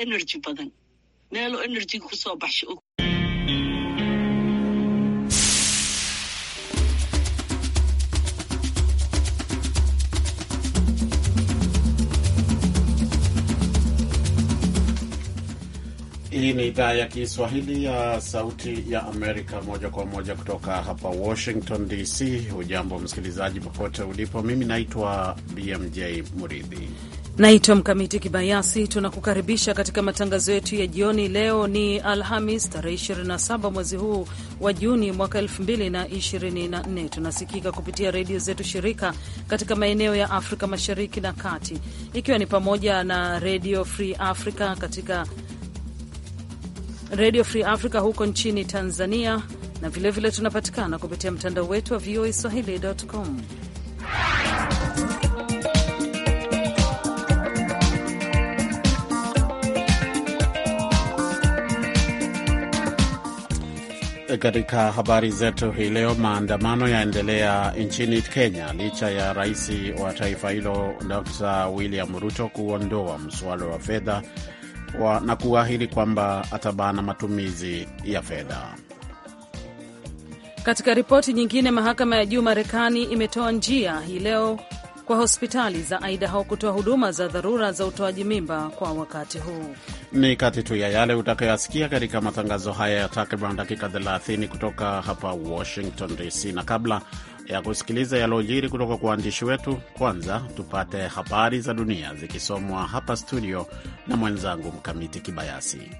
energy badan meelo enerjiga kusoo baxsho Hii ni idhaa ya Kiswahili ya Sauti ya Amerika, moja kwa moja kutoka hapa Washington DC. Hujambo msikilizaji, popote ulipo. Mimi naitwa BMJ Muridhi Naitwa Mkamiti Kibayasi. Tunakukaribisha katika matangazo yetu ya jioni. Leo ni Alhamis, tarehe 27 mwezi huu wa Juni mwaka 2024. Tunasikika kupitia redio zetu shirika katika maeneo ya Afrika Mashariki na Kati, ikiwa ni pamoja na Redio Free Africa katika Redio Free Africa huko nchini Tanzania, na vilevile tunapatikana kupitia mtandao wetu wa VOA swahili.com Katika habari zetu hii leo, maandamano yaendelea nchini Kenya licha ya rais wa taifa hilo Dr William Ruto kuondoa mswada wa fedha na kuahidi kwamba atabana matumizi ya fedha. Katika ripoti nyingine, mahakama ya juu Marekani imetoa njia hii leo kwa hospitali za Idaho kutoa huduma za dharura za utoaji mimba kwa wakati huu. Ni kati tu ya yale utakayoyasikia katika matangazo haya ya takriban dakika 30 kutoka hapa Washington DC, na kabla ya kusikiliza yalojiri kutoka kwa waandishi wetu, kwanza tupate habari za dunia zikisomwa hapa studio na mwenzangu Mkamiti Kibayasi.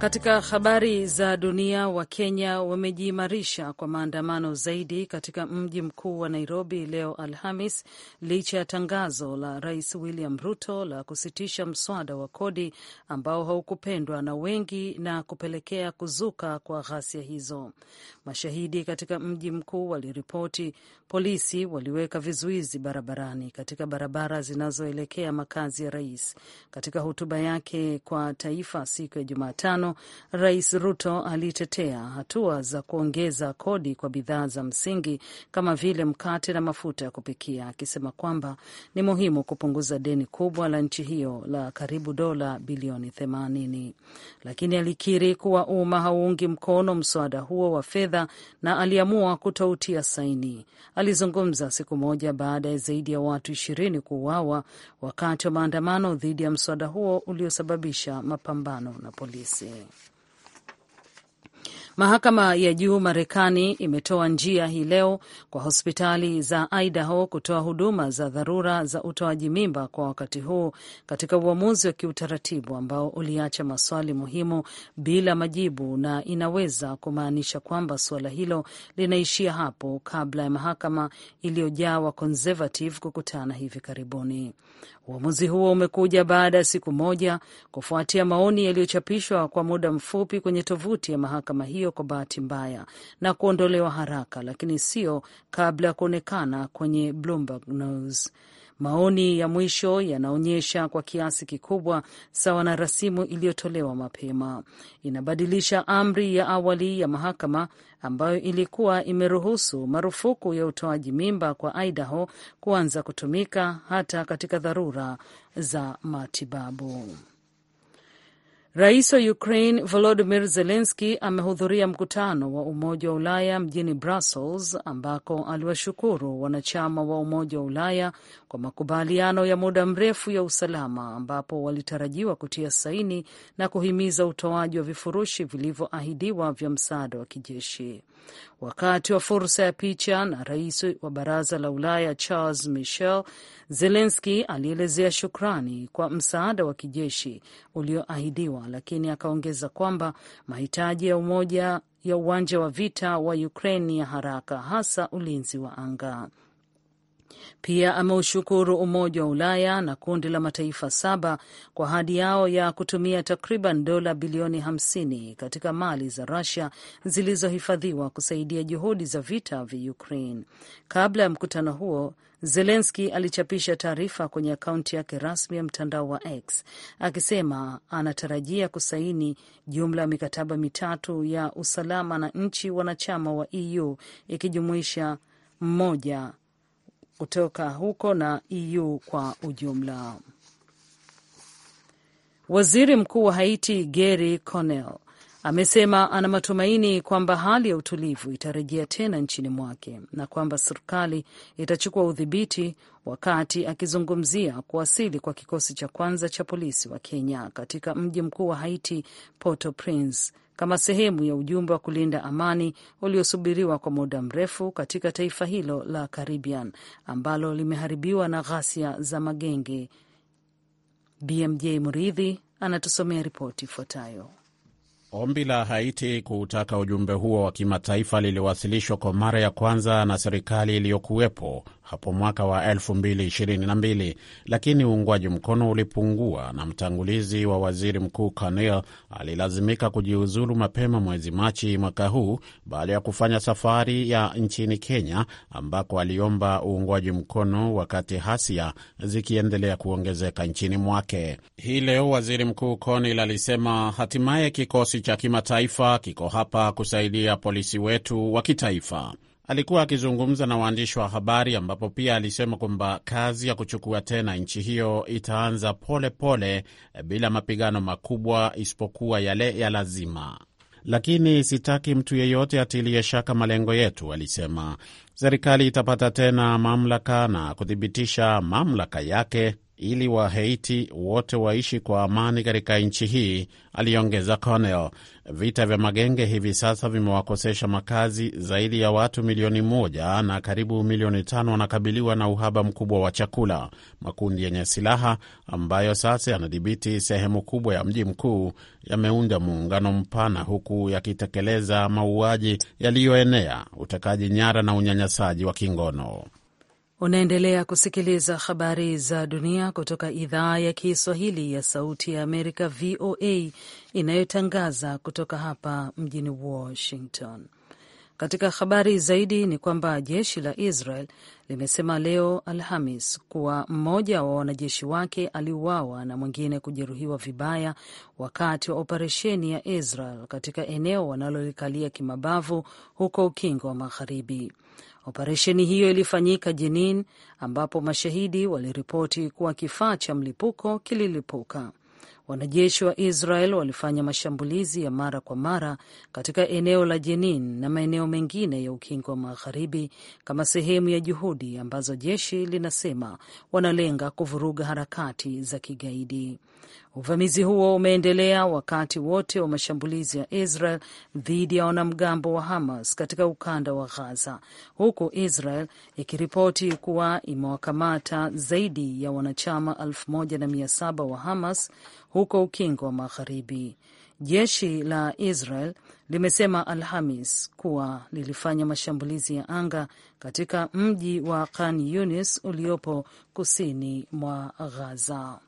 Katika habari za dunia, Wakenya wamejiimarisha kwa maandamano zaidi katika mji mkuu wa Nairobi leo Alhamis, licha ya tangazo la Rais William Ruto la kusitisha mswada wa kodi ambao haukupendwa na wengi na kupelekea kuzuka kwa ghasia hizo. Mashahidi katika mji mkuu waliripoti polisi waliweka vizuizi barabarani katika barabara zinazoelekea makazi ya rais. Katika hotuba yake kwa taifa siku ya Jumatano, Rais Ruto alitetea hatua za kuongeza kodi kwa bidhaa za msingi kama vile mkate na mafuta ya kupikia, akisema kwamba ni muhimu kupunguza deni kubwa la nchi hiyo la karibu dola bilioni 80, lakini alikiri kuwa umma hauungi mkono mswada huo wa fedha na aliamua kutoutia saini. Alizungumza siku moja baada ya zaidi ya watu ishirini kuuawa wakati wa maandamano dhidi ya mswada huo uliosababisha mapambano na polisi. Mahakama ya juu Marekani imetoa njia hii leo kwa hospitali za Idaho kutoa huduma za dharura za utoaji mimba kwa wakati huu katika uamuzi wa kiutaratibu ambao uliacha maswali muhimu bila majibu na inaweza kumaanisha kwamba suala hilo linaishia hapo kabla ya mahakama iliyojaa wa conservative kukutana hivi karibuni. Uamuzi huo umekuja baada ya siku moja kufuatia maoni yaliyochapishwa kwa muda mfupi kwenye tovuti ya mahakama hiyo kwa bahati mbaya na kuondolewa haraka, lakini sio kabla ya kuonekana kwenye Bloomberg News. Maoni ya mwisho yanaonyesha kwa kiasi kikubwa sawa na rasimu iliyotolewa mapema, inabadilisha amri ya awali ya mahakama ambayo ilikuwa imeruhusu marufuku ya utoaji mimba kwa Idaho kuanza kutumika hata katika dharura za matibabu. Rais wa Ukraine volodimir zelenski amehudhuria mkutano wa Umoja wa Ulaya mjini Brussels ambako aliwashukuru wanachama wa Umoja wa Ulaya kwa makubaliano ya muda mrefu ya usalama ambapo walitarajiwa kutia saini na kuhimiza utoaji wa vifurushi vilivyoahidiwa vya msaada wa kijeshi. Wakati wa fursa ya picha na rais wa baraza la Ulaya Charles Michel, Zelenski alielezea shukrani kwa msaada wa kijeshi ulioahidiwa, lakini akaongeza kwamba mahitaji ya umoja ya uwanja wa vita wa Ukraine ya haraka, hasa ulinzi wa anga. Pia ameushukuru Umoja wa Ulaya na kundi la mataifa saba kwa hadi yao ya kutumia takriban dola bilioni 50 katika mali za Rusia zilizohifadhiwa kusaidia juhudi za vita vya Ukraine. Kabla ya mkutano huo Zelenski alichapisha taarifa kwenye akaunti yake rasmi ya mtandao wa X akisema anatarajia kusaini jumla ya mikataba mitatu ya usalama na nchi wanachama wa EU ikijumuisha mmoja kutoka huko na EU kwa ujumla. Waziri Mkuu wa Haiti Gary Conel amesema ana matumaini kwamba hali ya utulivu itarejea tena nchini mwake na kwamba serikali itachukua udhibiti, wakati akizungumzia kuwasili kwa kikosi cha kwanza cha polisi wa Kenya katika mji mkuu wa Haiti Port-au-Prince kama sehemu ya ujumbe wa kulinda amani uliosubiriwa kwa muda mrefu katika taifa hilo la Caribbean ambalo limeharibiwa na ghasia za magenge. BMJ Muridhi anatusomea ripoti ifuatayo. Ombi la Haiti kutaka ujumbe huo wa kimataifa liliwasilishwa kwa mara ya kwanza na serikali iliyokuwepo hapo mwaka wa 2022 lakini uungwaji mkono ulipungua na mtangulizi wa waziri mkuu Carnel alilazimika kujiuzulu mapema mwezi Machi mwaka huu baada ya kufanya safari ya nchini Kenya ambako aliomba uungwaji mkono wakati hasia zikiendelea kuongezeka nchini mwake. Hii leo waziri mkuu Carnel alisema hatimaye kikosi kikosi cha kimataifa kiko hapa kusaidia polisi wetu wa kitaifa. Alikuwa akizungumza na waandishi wa habari, ambapo pia alisema kwamba kazi ya kuchukua tena nchi hiyo itaanza polepole pole, eh, bila mapigano makubwa isipokuwa yale ya lazima. Lakini sitaki mtu yeyote atilie shaka malengo yetu, alisema. Serikali itapata tena mamlaka na kuthibitisha mamlaka yake ili Wahaiti wote waishi kwa amani katika nchi hii, aliongeza Cornel. Vita vya magenge hivi sasa vimewakosesha makazi zaidi ya watu milioni moja na karibu milioni tano wanakabiliwa na uhaba mkubwa wa chakula. Makundi yenye silaha ambayo sasa yanadhibiti sehemu kubwa ya mji mkuu yameunda muungano mpana, huku yakitekeleza mauaji yaliyoenea, utekaji nyara na unyanyasaji wa kingono. Unaendelea kusikiliza habari za dunia kutoka idhaa ya Kiswahili ya Sauti ya Amerika, VOA, inayotangaza kutoka hapa mjini Washington. Katika habari zaidi ni kwamba jeshi la Israel limesema leo Alhamis kuwa mmoja wa wanajeshi wake aliuawa na mwingine kujeruhiwa vibaya wakati wa operesheni ya Israel katika eneo wanalolikalia kimabavu huko Ukingo wa Magharibi. Operesheni hiyo ilifanyika Jenin, ambapo mashahidi waliripoti kuwa kifaa cha mlipuko kililipuka. Wanajeshi wa Israel walifanya mashambulizi ya mara kwa mara katika eneo la Jenin na maeneo mengine ya Ukingo wa Magharibi kama sehemu ya juhudi ambazo jeshi linasema wanalenga kuvuruga harakati za kigaidi. Uvamizi huo umeendelea wakati wote wa mashambulizi ya Israel dhidi ya wanamgambo wa Hamas katika ukanda wa Gaza, huku Israel ikiripoti kuwa imewakamata zaidi ya wanachama 1700 wa Hamas huko ukingo wa Magharibi. Jeshi la Israel limesema Alhamis kuwa lilifanya mashambulizi ya anga katika mji wa Khan Yunis uliopo kusini mwa Ghaza.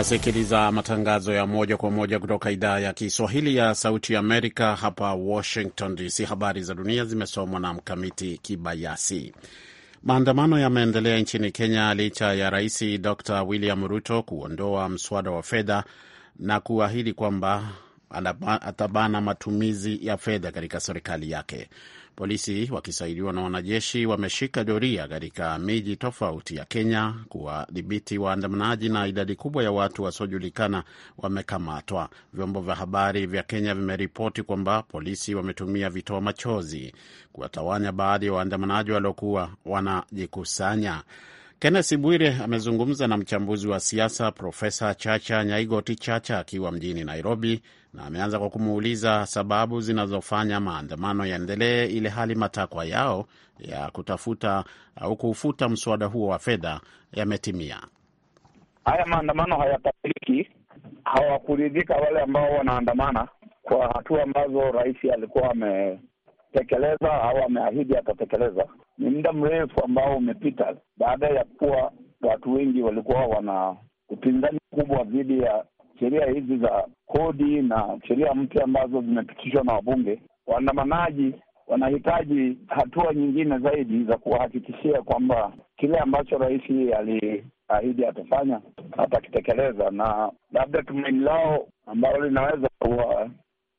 Unasikiliza matangazo ya moja kwa moja kutoka idhaa ya Kiswahili ya Sauti Amerika hapa Washington DC. Habari za dunia zimesomwa na Mkamiti Kibayasi. Maandamano yameendelea nchini Kenya licha ya Rais Dr William Ruto kuondoa mswada wa fedha na kuahidi kwamba atabana matumizi ya fedha katika serikali yake. Polisi wakisaidiwa na wanajeshi wameshika doria katika miji tofauti ya Kenya kuwadhibiti waandamanaji, na idadi kubwa ya watu wasiojulikana wamekamatwa. Vyombo vya habari vya Kenya vimeripoti kwamba polisi wametumia vitoa machozi kuwatawanya baadhi ya waandamanaji waliokuwa wanajikusanya. Kenneth Bwire amezungumza na mchambuzi wa siasa Profesa Chacha Nyaigoti Chacha akiwa mjini Nairobi, na ameanza kwa kumuuliza sababu zinazofanya maandamano yaendelee, ile hali matakwa yao ya kutafuta au kuufuta mswada huo wa fedha yametimia. Haya maandamano hayatabiriki, hawakuridhika wale ambao wanaandamana kwa hatua ambazo rais alikuwa ametekeleza au ameahidi atatekeleza ni muda mrefu ambao umepita baada ya kuwa watu wengi walikuwa wana upinzani mkubwa dhidi ya sheria hizi za kodi na sheria mpya ambazo zimepitishwa na wabunge. Waandamanaji wanahitaji hatua nyingine zaidi za kuwahakikishia kwamba kile ambacho rais aliahidi atafanya atakitekeleza, na labda tumaini lao ambalo linaweza kuwa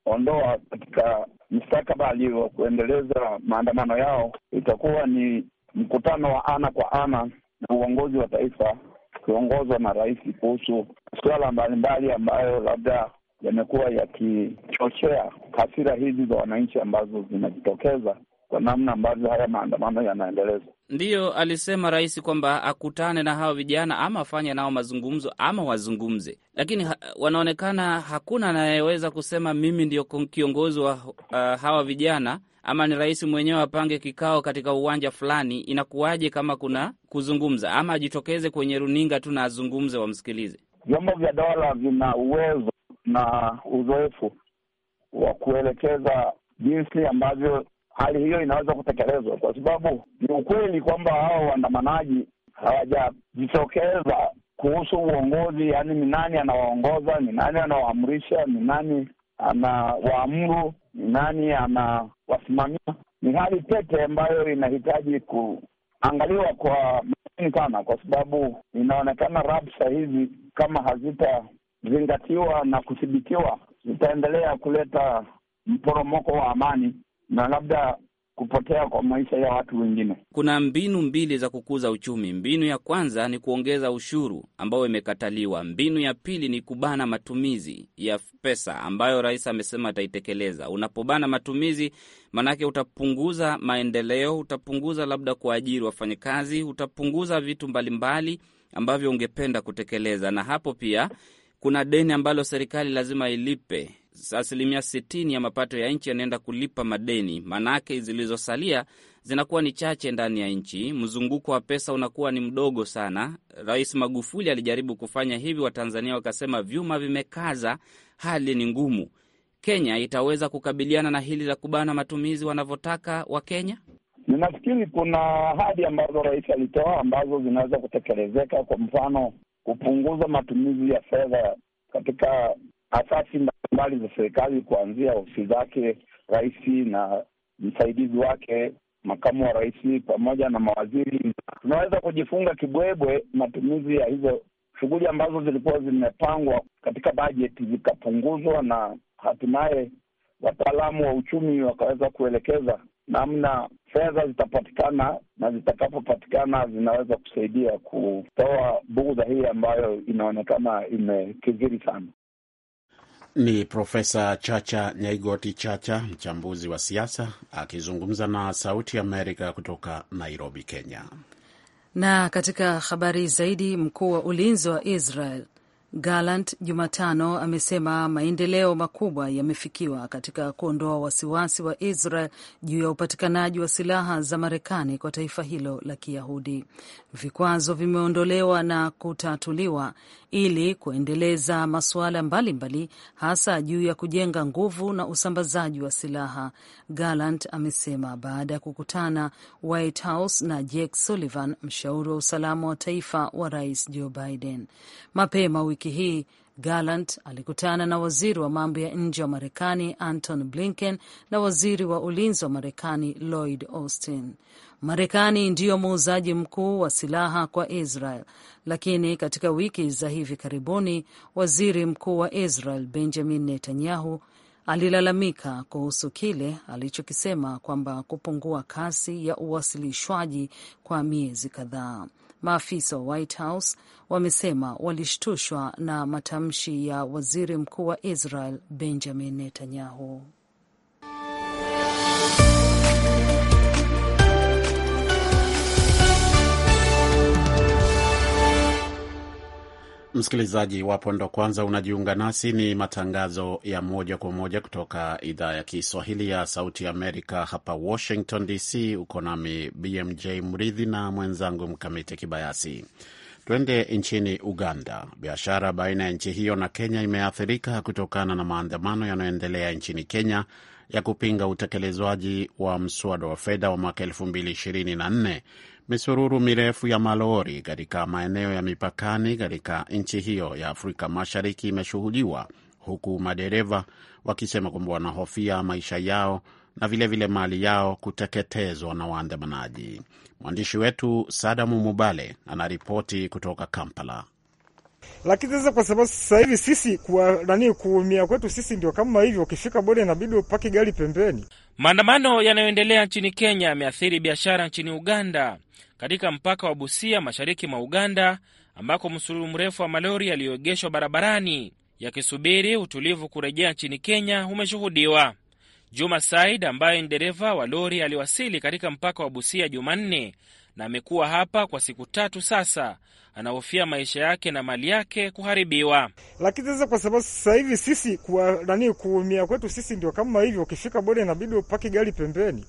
kuondoa katika mstakabali wa kuendeleza maandamano yao itakuwa ni mkutano wa ana kwa ana na uongozi wa taifa ukiongozwa na rais kuhusu suala mbalimbali ambayo labda yamekuwa yakichochea hasira hizi za wananchi ambazo zinajitokeza kwa namna ambavyo haya maandamano yanaendelezwa. Ndiyo, alisema rais kwamba akutane na hawa vijana ama afanye nao mazungumzo ama wazungumze, lakini ha wanaonekana hakuna anayeweza kusema mimi ndio kiongozi wa uh, hawa vijana ama ni rais mwenyewe apange kikao katika uwanja fulani. Inakuwaje kama kuna kuzungumza ama ajitokeze kwenye runinga tu na azungumze, wamsikilize? Vyombo vya dola vina uwezo na uzoefu wa kuelekeza jinsi ambavyo hali hiyo inaweza kutekelezwa, kwa sababu ni ukweli kwamba hao waandamanaji hawajajitokeza kuhusu uongozi, yaani ni nani anawaongoza, ni nani anawaamrisha, ni nani anawaamuru, ni nani anawasimamia. Ni hali tete ambayo inahitaji kuangaliwa kwa makini sana, kwa sababu inaonekana rabsha hizi kama hazitazingatiwa na kuthibitiwa, zitaendelea kuleta mporomoko wa amani na labda kupotea kwa maisha ya watu wengine. Kuna mbinu mbili za kukuza uchumi. Mbinu ya kwanza ni kuongeza ushuru ambayo imekataliwa. Mbinu ya pili ni kubana matumizi ya pesa ambayo rais amesema ataitekeleza. Unapobana matumizi, maanake utapunguza maendeleo, utapunguza labda kuajiri wafanyakazi, utapunguza vitu mbalimbali ambavyo ungependa kutekeleza, na hapo pia kuna deni ambalo serikali lazima ilipe asilimia 60 ya mapato ya nchi yanaenda kulipa madeni, maanake zilizosalia zinakuwa ni chache ndani ya nchi. Mzunguko wa pesa unakuwa ni mdogo sana. Rais Magufuli alijaribu kufanya hivi, Watanzania wakasema vyuma vimekaza, hali ni ngumu. Kenya itaweza kukabiliana na hili la kubana matumizi wanavyotaka Kenya? Ninafikiri kuna ahadi ambazo rais alitoa ambazo zinaweza kutekelezeka, kwa mfano kupunguza matumizi ya fedha katika asasi mbalimbali za serikali kuanzia ofisi zake rais na msaidizi wake, makamu wa rais pamoja na mawaziri. Tunaweza kujifunga kibwebwe matumizi ya hizo shughuli ambazo zilikuwa zimepangwa katika bajeti zikapunguzwa, na hatimaye wataalamu wa uchumi wakaweza kuelekeza namna fedha zitapatikana na zitakapopatikana zinaweza kusaidia kutoa bugudha hii ambayo inaonekana imekiziri sana. Ni Profesa Chacha Nyaigoti Chacha, mchambuzi wa siasa, akizungumza na Sauti Amerika kutoka Nairobi, Kenya. Na katika habari zaidi, mkuu wa ulinzi wa Israel Gallant Jumatano amesema maendeleo makubwa yamefikiwa katika kuondoa wasiwasi wa Israel juu ya upatikanaji wa silaha za Marekani kwa taifa hilo la Kiyahudi. Vikwazo vimeondolewa na kutatuliwa ili kuendeleza masuala mbalimbali hasa juu ya kujenga nguvu na usambazaji wa silaha, Gallant amesema baada ya kukutana White House na Jake Sullivan, mshauri wa usalama wa taifa wa rais Joe Biden. Mapema wiki hii Gallant alikutana na waziri wa mambo ya nje wa Marekani Anton Blinken na waziri wa ulinzi wa Marekani Lloyd Austin. Marekani ndiyo muuzaji mkuu wa silaha kwa Israel, lakini katika wiki za hivi karibuni waziri mkuu wa Israel Benjamin Netanyahu alilalamika kuhusu kile alichokisema kwamba kupungua kasi ya uwasilishwaji kwa miezi kadhaa. Maafisa wa White House wamesema walishtushwa na matamshi ya waziri mkuu wa Israel Benjamin Netanyahu. Msikilizaji, iwapo ndo kwanza unajiunga nasi, ni matangazo ya moja kwa moja kutoka idhaa ya Kiswahili ya Sauti Amerika hapa Washington DC. Uko nami BMJ Mridhi na mwenzangu Mkamiti Kibayasi. Twende nchini Uganda. Biashara baina ya nchi hiyo na Kenya imeathirika kutokana na maandamano yanayoendelea nchini Kenya ya kupinga utekelezwaji wa mswada wa fedha wa mwaka elfu mbili ishirini na nne misururu mirefu ya malori katika maeneo ya mipakani katika nchi hiyo ya Afrika Mashariki imeshuhudiwa huku madereva wakisema kwamba wanahofia maisha yao na vilevile vile mali yao kuteketezwa na waandamanaji. Mwandishi wetu Sadamu Mubale anaripoti kutoka Kampala. Lakini sasa kwa sababu sasa hivi sisi kwa nani, kuumia kwetu sisi ndio kama hivyo, ukifika bodi inabidi upaki gari pembeni. Maandamano yanayoendelea nchini Kenya yameathiri biashara nchini Uganda, katika mpaka wa Busia mashariki mwa Uganda, ambako msururu mrefu wa malori yaliyoegeshwa barabarani yakisubiri utulivu kurejea nchini Kenya umeshuhudiwa. Juma Said ambaye ni dereva wa lori aliwasili katika mpaka wa Busia Jumanne na amekuwa hapa kwa siku tatu sasa. Anahofia maisha yake na mali yake kuharibiwa. Lakini sasa kwa sababu sasa hivi sisi kwa nani, kuumia kwetu sisi ndio kama hivi, Ukifika boda, inabidi upaki gari pembeni.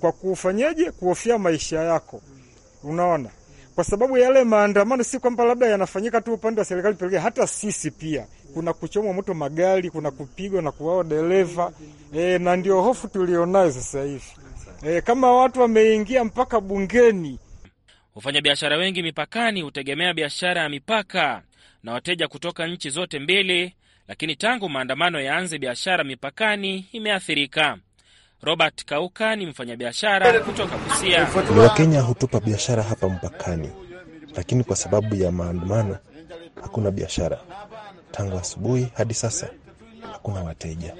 Kwa kufanyaje? Kuhofia maisha yako, unaona kwa sababu yale maandamano si kwamba labda yanafanyika tu upande wa serikali pekee, hata sisi pia kuna kuchomwa moto magari, kuna kupigwa na kuwao dereva e, na ndio hofu tulionayo sasa hivi e, kama watu wameingia mpaka bungeni Wafanyabiashara wengi mipakani hutegemea biashara ya mipaka na wateja kutoka nchi zote mbili, lakini tangu maandamano yaanze, biashara mipakani imeathirika. Robert Kauka ni mfanyabiashara kutoka Busia. Wakenya hutupa biashara hapa mpakani, lakini kwa sababu ya maandamano hakuna biashara tangu asubuhi hadi sasa, hakuna wateja.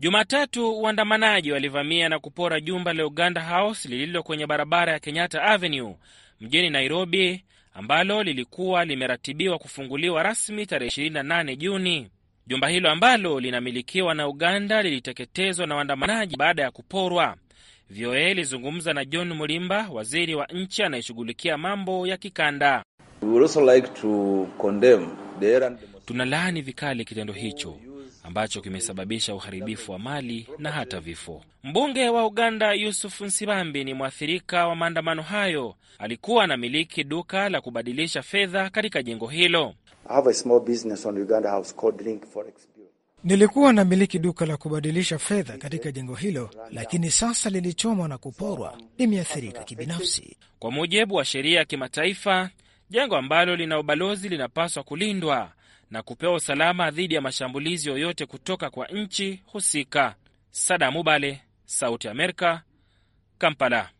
Jumatatu waandamanaji walivamia na kupora jumba la Uganda House lililo kwenye barabara ya Kenyatta Avenue mjini Nairobi ambalo lilikuwa limeratibiwa kufunguliwa rasmi tarehe 28 Juni. Jumba hilo ambalo linamilikiwa na Uganda liliteketezwa na waandamanaji baada ya kuporwa. VOA ilizungumza na John Mulimba, waziri wa nchi anayeshughulikia mambo ya kikanda. like to tunalaani vikali kitendo hicho ambacho kimesababisha uharibifu wa mali na hata vifo. Mbunge wa Uganda Yusuf Nsibambi ni mwathirika wa maandamano hayo. Alikuwa anamiliki duka la kubadilisha fedha katika jengo hilo. Nilikuwa namiliki duka la kubadilisha fedha katika jengo hilo, lakini sasa lilichomwa na kuporwa. Nimeathirika kibinafsi. Kwa mujibu wa sheria ya kimataifa, jengo ambalo lina ubalozi linapaswa kulindwa na kupewa usalama dhidi ya mashambulizi yoyote kutoka kwa nchi husika. Sada Mubale, Sauti Amerika, Kampala.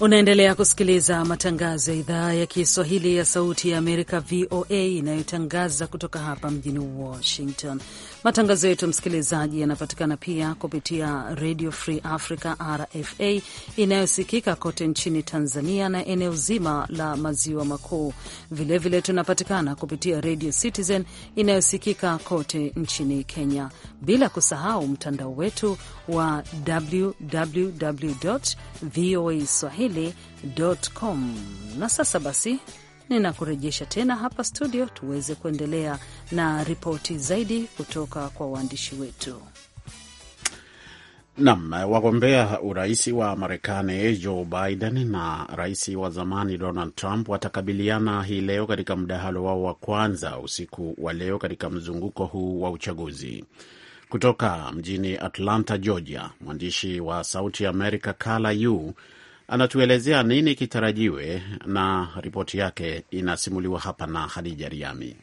Unaendelea kusikiliza matangazo ya idhaa ya Kiswahili ya Sauti ya Amerika, VOA, inayotangaza kutoka hapa mjini Washington. Matangazo yetu, msikilizaji, yanapatikana pia kupitia Radio Free Africa, RFA, inayosikika kote nchini Tanzania na eneo zima la maziwa makuu. Vilevile tunapatikana kupitia Radio Citizen inayosikika kote nchini Kenya, bila kusahau mtandao wetu wa www voa swahili swahili.com. Na sasa basi ninakurejesha tena hapa studio tuweze kuendelea na ripoti zaidi kutoka kwa waandishi wetu. Nam, wagombea urais wa Marekani Joe Biden na rais wa zamani Donald Trump watakabiliana hii leo katika mdahalo wao wa kwanza usiku wa leo katika mzunguko huu wa uchaguzi. Kutoka mjini Atlanta, Georgia, mwandishi wa Sauti ya Amerika Kala Yu anatuelezea nini kitarajiwe, na ripoti yake inasimuliwa hapa na Hadija Riami.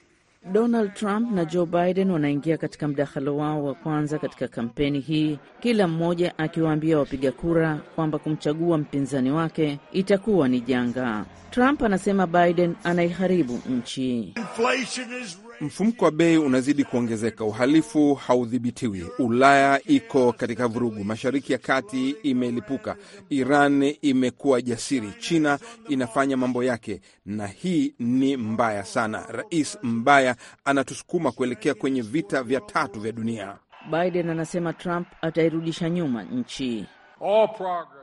Donald Trump na Joe Biden wanaingia katika mdahalo wao wa kwanza katika kampeni hii, kila mmoja akiwaambia wapiga kura kwamba kumchagua mpinzani wake itakuwa ni janga. Trump anasema Biden anaiharibu nchi. Inflation is mfumko wa bei unazidi kuongezeka, uhalifu haudhibitiwi. Ulaya iko katika vurugu, mashariki ya kati imelipuka, Iran imekuwa jasiri, China inafanya mambo yake, na hii ni mbaya sana. Rais mbaya anatusukuma kuelekea kwenye vita vya tatu vya dunia. Biden anasema Trump atairudisha nyuma nchi.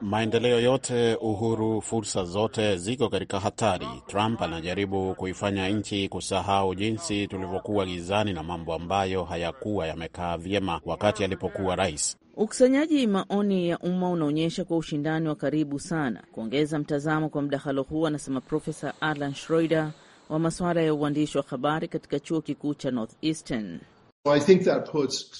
Maendeleo yote, uhuru, fursa zote ziko katika hatari. Trump anajaribu kuifanya nchi kusahau jinsi tulivyokuwa gizani na mambo ambayo hayakuwa yamekaa vyema wakati alipokuwa rais. Ukusanyaji maoni ya umma unaonyesha kwa ushindani wa karibu sana. Kuongeza mtazamo kwa mdahalo huu, anasema Profesa Alan Schroider wa masuala ya uandishi wa habari katika chuo kikuu cha Northeastern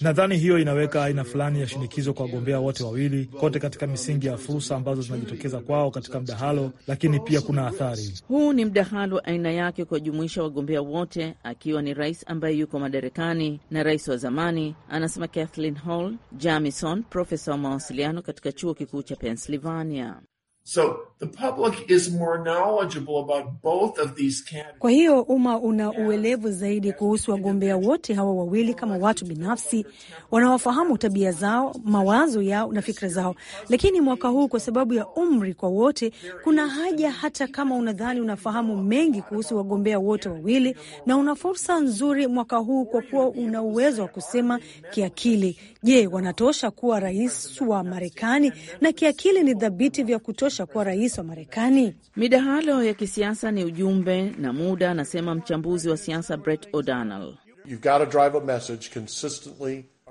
nadhani hiyo inaweka aina fulani ya shinikizo kwa wagombea wote wawili, kote katika misingi ya fursa ambazo zinajitokeza kwao katika mdahalo, lakini pia kuna athari. Huu ni mdahalo wa aina yake kuwajumuisha wagombea wote, akiwa ni rais ambaye yuko madarakani na rais wa zamani, anasema Kathleen Hall Jamison, profesa wa mawasiliano katika chuo kikuu cha Pennsylvania. So, The public is more knowledgeable about both of these candidates. Kwa hiyo umma una uelevu zaidi kuhusu wagombea wote hawa wawili kama watu binafsi, wanawafahamu tabia zao, mawazo yao na fikra zao. Lakini mwaka huu kwa sababu ya umri kwa wote, kuna haja hata kama unadhani unafahamu mengi kuhusu wagombea wote wawili, na una fursa nzuri mwaka huu kwa kuwa una uwezo wa kusema kiakili, je, wanatosha kuwa rais wa Marekani, na kiakili ni dhabiti vya kutosha kuwa rais rais wa Marekani? Midahalo ya kisiasa ni ujumbe na muda, anasema mchambuzi wa siasa Brett O'Donnell.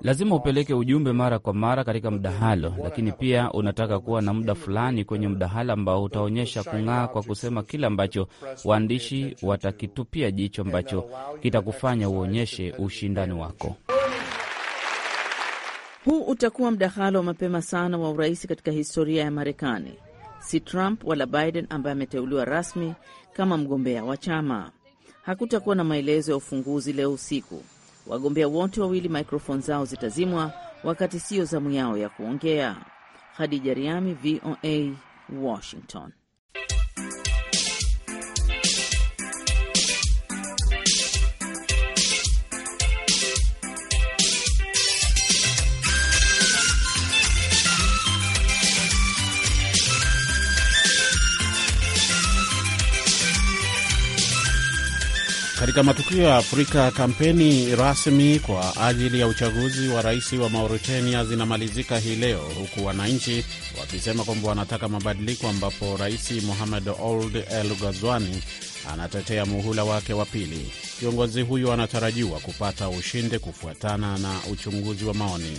Lazima upeleke ujumbe mara kwa mara katika mdahalo, lakini pia unataka kuwa na muda fulani kwenye mdahalo ambao utaonyesha kung'aa kwa kusema kile ambacho waandishi watakitupia jicho, ambacho kitakufanya uonyeshe ushindani wako. Huu utakuwa mdahalo wa mapema sana wa urais katika historia ya Marekani si Trump wala Biden ambaye ameteuliwa rasmi kama mgombea wa chama. Hakutakuwa na maelezo ya ufunguzi leo usiku. Wagombea wote wawili maikrofoni zao zitazimwa wakati siyo zamu yao ya kuongea. Khadija Riami, VOA, Washington. Katika matukio ya Afrika, kampeni rasmi kwa ajili ya uchaguzi wa rais wa Mauritania zinamalizika hii leo, huku wananchi wakisema kwamba wanataka mabadiliko, ambapo rais Mohamed Ould El Ghazouani anatetea muhula wake wa pili. Kiongozi huyo anatarajiwa kupata ushindi kufuatana na uchunguzi wa maoni.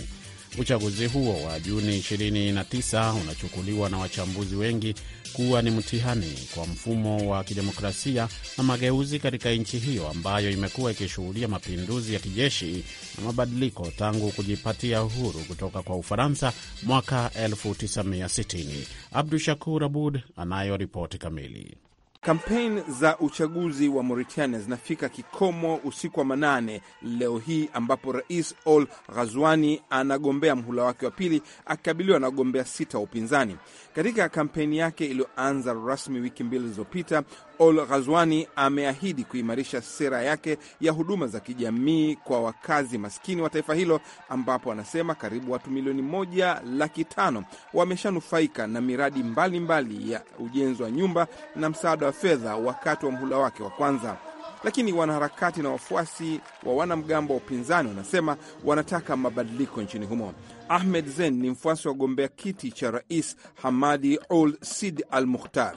Uchaguzi huo wa Juni 29 unachukuliwa na wachambuzi wengi kuwa ni mtihani kwa mfumo wa kidemokrasia na mageuzi katika nchi hiyo ambayo imekuwa ikishuhudia mapinduzi ya kijeshi na mabadiliko tangu kujipatia uhuru kutoka kwa Ufaransa mwaka 1960. Abdu Shakur Abud anayo ripoti kamili. Kampeni za uchaguzi wa Mauritania zinafika kikomo usiku wa manane leo hii, ambapo Rais Ol Ghazwani anagombea mhula wake wa pili akikabiliwa na wagombea sita wa upinzani. Katika kampeni yake iliyoanza rasmi wiki mbili zilizopita, Ol Ghazwani ameahidi kuimarisha sera yake ya huduma za kijamii kwa wakazi maskini wa taifa hilo, ambapo anasema karibu watu milioni moja laki tano wameshanufaika na miradi mbalimbali mbali ya ujenzi wa nyumba na msaada wa fedha wakati wa mhula wake wa kwanza lakini wanaharakati na wafuasi wa wanamgambo wa upinzani wanasema wanataka mabadiliko nchini humo. Ahmed Zen ni mfuasi wa gombea kiti cha rais Hamadi ul Sid Al Mukhtar.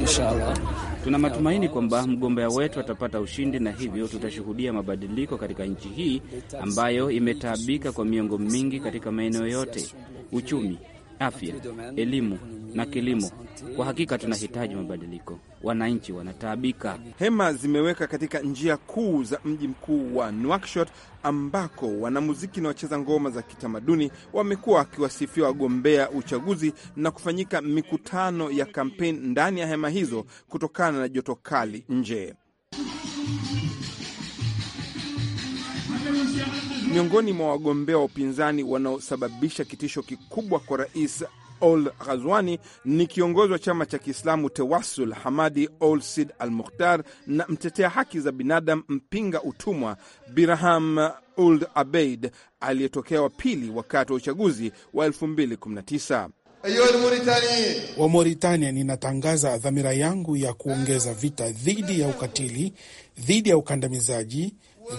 Euh, Tuna matumaini kwamba mgombea wetu atapata ushindi na hivyo tutashuhudia mabadiliko katika nchi hii ambayo imetaabika kwa miongo mingi katika maeneo yote: uchumi, afya, elimu na kilimo. Kwa hakika tunahitaji mabadiliko, wananchi wanataabika. Hema zimeweka katika njia kuu za mji mkuu wa Nouakchott, ambako wanamuziki na wacheza ngoma za kitamaduni wamekuwa wakiwasifia wagombea uchaguzi na kufanyika mikutano ya kampeni ndani ya hema hizo kutokana na joto kali nje miongoni mwa wagombea wa upinzani wanaosababisha kitisho kikubwa kwa rais ol Ghazwani ni kiongozi wa chama cha Kiislamu Tewasul Hamadi Ol Sid Al Mukhtar na mtetea haki za binadamu mpinga utumwa Biraham uld Abeid aliyetokea wa pili wakati wa uchaguzi wa 2019. Wa Mauritania, ninatangaza dhamira yangu ya kuongeza vita dhidi ya ukatili, dhidi ya ukandamizaji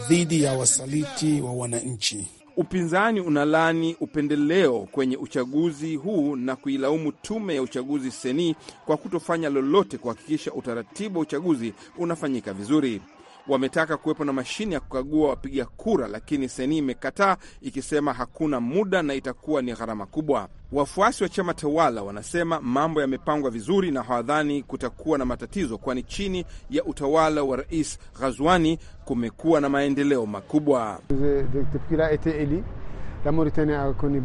dhidi ya wasaliti wa wananchi. Upinzani unalani upendeleo kwenye uchaguzi huu na kuilaumu tume ya uchaguzi seni kwa kutofanya lolote kuhakikisha utaratibu wa uchaguzi unafanyika vizuri wametaka kuwepo na mashine ya kukagua wapiga kura, lakini seni imekataa ikisema hakuna muda na itakuwa ni gharama kubwa. Wafuasi wa chama tawala wanasema mambo yamepangwa vizuri na hawadhani kutakuwa na matatizo, kwani chini ya utawala wa Rais Ghazwani kumekuwa na maendeleo makubwa.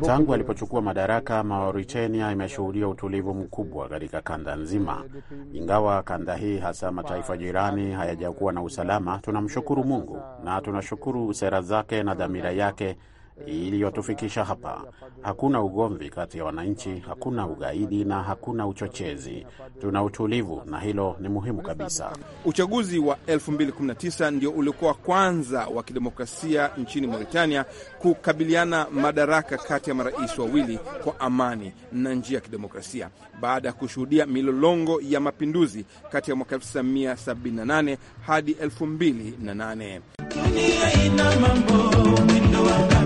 Tangu alipochukua madaraka, Mauritania imeshuhudia utulivu mkubwa katika kanda nzima. Ingawa kanda hii, hasa mataifa jirani, hayajakuwa na usalama, tunamshukuru Mungu na tunashukuru sera zake na dhamira yake iliyotufikisha hapa. Hakuna ugomvi kati ya wananchi, hakuna ugaidi na hakuna uchochezi. Tuna utulivu na hilo ni muhimu kabisa. Uchaguzi wa 2019 ndio uliokuwa kwanza wa kidemokrasia nchini Mauritania kukabiliana madaraka kati ya marais wawili kwa amani na njia ya kidemokrasia baada ya kushuhudia milolongo ya mapinduzi kati ya mwaka 1978 hadi 2008.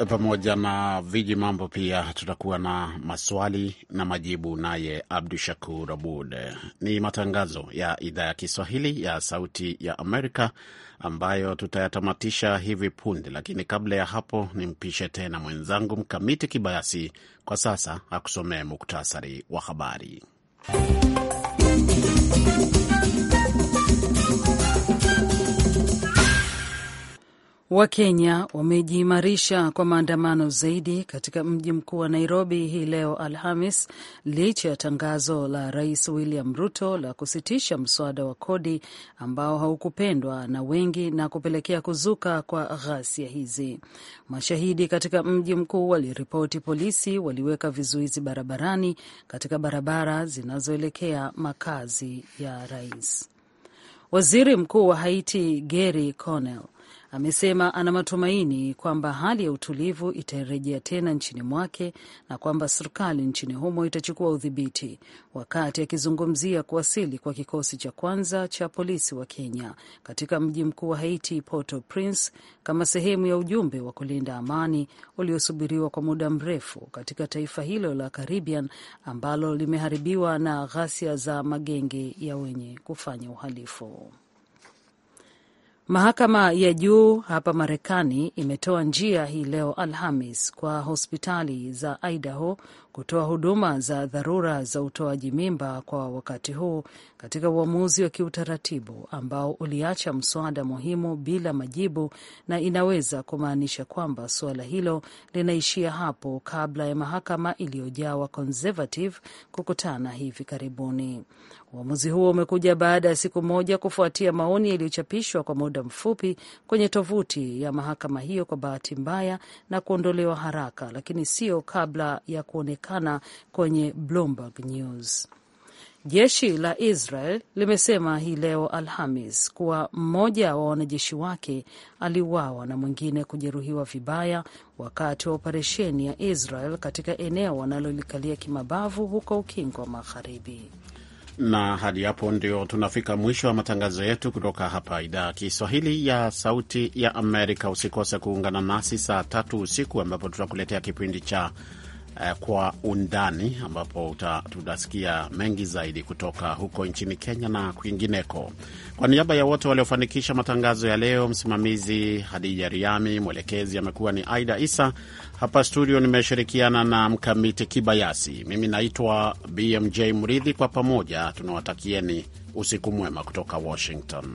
Eh, pamoja na viji mambo. Pia tutakuwa na maswali na majibu naye Abdu Shakur Abud. Ni matangazo ya idhaa ya Kiswahili ya Sauti ya Amerika ambayo tutayatamatisha hivi punde, lakini kabla ya hapo nimpishe tena mwenzangu Mkamiti Kibayasi kwa sasa akusomee muktasari wa habari. Wakenya wamejiimarisha kwa maandamano zaidi katika mji mkuu wa Nairobi hii leo Alhamis, licha ya tangazo la Rais William Ruto la kusitisha mswada wa kodi ambao haukupendwa na wengi na kupelekea kuzuka kwa ghasia hizi. Mashahidi katika mji mkuu waliripoti polisi waliweka vizuizi barabarani katika barabara zinazoelekea makazi ya rais. Waziri Mkuu wa Haiti Gary Conel amesema ana matumaini kwamba hali ya utulivu itarejea tena nchini mwake na kwamba serikali nchini humo itachukua udhibiti, wakati akizungumzia kuwasili kwa kikosi cha kwanza cha polisi wa Kenya katika mji mkuu wa Haiti, Port-au-Prince, kama sehemu ya ujumbe wa kulinda amani uliosubiriwa kwa muda mrefu katika taifa hilo la Caribbean ambalo limeharibiwa na ghasia za magenge ya wenye kufanya uhalifu. Mahakama ya juu hapa Marekani imetoa njia hii leo Alhamis kwa hospitali za Idaho kutoa huduma za dharura za utoaji mimba kwa wakati huu katika uamuzi wa kiutaratibu ambao uliacha mswada muhimu bila majibu na inaweza kumaanisha kwamba suala hilo linaishia hapo kabla ya mahakama iliyojaa wa conservative kukutana hivi karibuni. Uamuzi huo umekuja baada ya siku moja kufuatia maoni yaliyochapishwa kwa muda mfupi kwenye tovuti ya mahakama hiyo kwa bahati mbaya na kuondolewa haraka, lakini sio kabla ya kuonekana kwenye Bloomberg News. Jeshi la Israel limesema hii leo Alhamis kuwa mmoja wa wanajeshi wake aliuawa na mwingine kujeruhiwa vibaya wakati wa operesheni ya Israel katika eneo wanalolikalia kimabavu huko Ukingo wa Magharibi na hadi hapo ndio tunafika mwisho wa matangazo yetu kutoka hapa idhaa ya Kiswahili ya Sauti ya Amerika. Usikose kuungana nasi saa tatu usiku ambapo tutakuletea kipindi cha Eh, kwa undani, ambapo tutasikia mengi zaidi kutoka huko nchini Kenya na kwingineko. Kwa niaba ya wote waliofanikisha matangazo ya leo, msimamizi Hadija Riami, mwelekezi amekuwa ni Aida Isa. Hapa studio nimeshirikiana na Mkamiti Kibayasi. Mimi naitwa BMJ Mridhi. Kwa pamoja tunawatakieni usiku mwema kutoka Washington.